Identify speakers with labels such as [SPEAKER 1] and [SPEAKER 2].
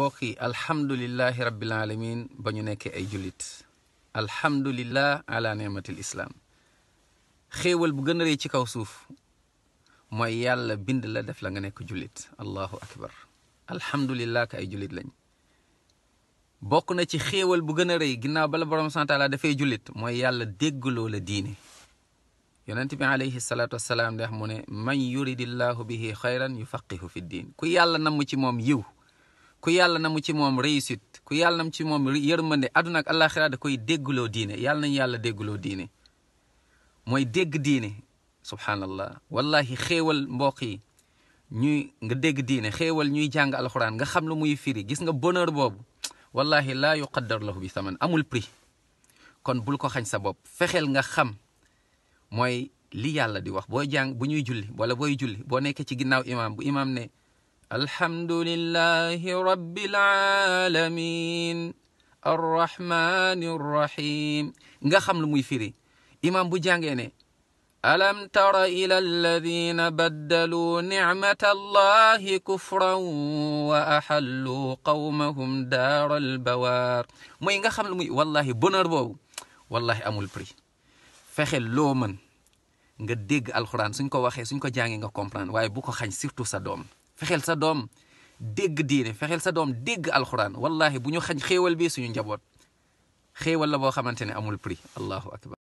[SPEAKER 1] mbokk yi alhamdulilahi rabbil alamin ba ñu nekkee ay jullit alhamdulillah ala ni'matil islaam xéewal bu gën a rëy ci kaw suuf mooy yàlla bind la def la nga nekk jullit allahu akbar alhamdulillah ka ay jullit lañ bokk na ci xéewal bu gën a rëy ginnaaw bala borom santaala dafay jullit mooy yàlla déggloo la diine yonent bi alayhi salaatu wasalaam dex mu ne man yuridillahu bihi xayran yufaqihu fi diin ku yàlla namm ci moom yiw ku yàlla na mu ci moom réussite ku yàlla na mu ci moom yërmande àdduna ak àllaaxira da koy dégguloo diine yàlla nañu yàlla déggloo diine mooy dégg diine subhaanallah wallahi xéewal mbokk yi ñuy nga dégg diine xéewal ñuy jàng alxuraan nga xam lu muy firi gis nga bonheur boobu wallahi laa yuqaddar lahu bi saman amul prix kon bul ko xañ sa bopp fexeel nga xam mooy li yàlla di wax boo jàng bu ñuy julli wala booy julli boo nekkee ci ginnaaw imaam bu الحمد لله رب العالمين الرحمن nga xam lu muy firi imam bu jàngee ne alam tara ila alladhina baddalu ni'mata allahi wa ahallu qawmahum daar albawaar mooy nga xam lu muy wallahi bonheur boobu wallahi amul prix fexe loo mën nga dégg alxuraan suñ ko waxee suñ ko jàngee nga comprendre waaye bu ko xañ surtout sa doom fexeel sa doom dégg diine fexeel sa doom dégg alxuraan wallahi bu ñu xañ xéewal bi suñu njaboot xéewal la boo xamante ne amul prix allahu akbar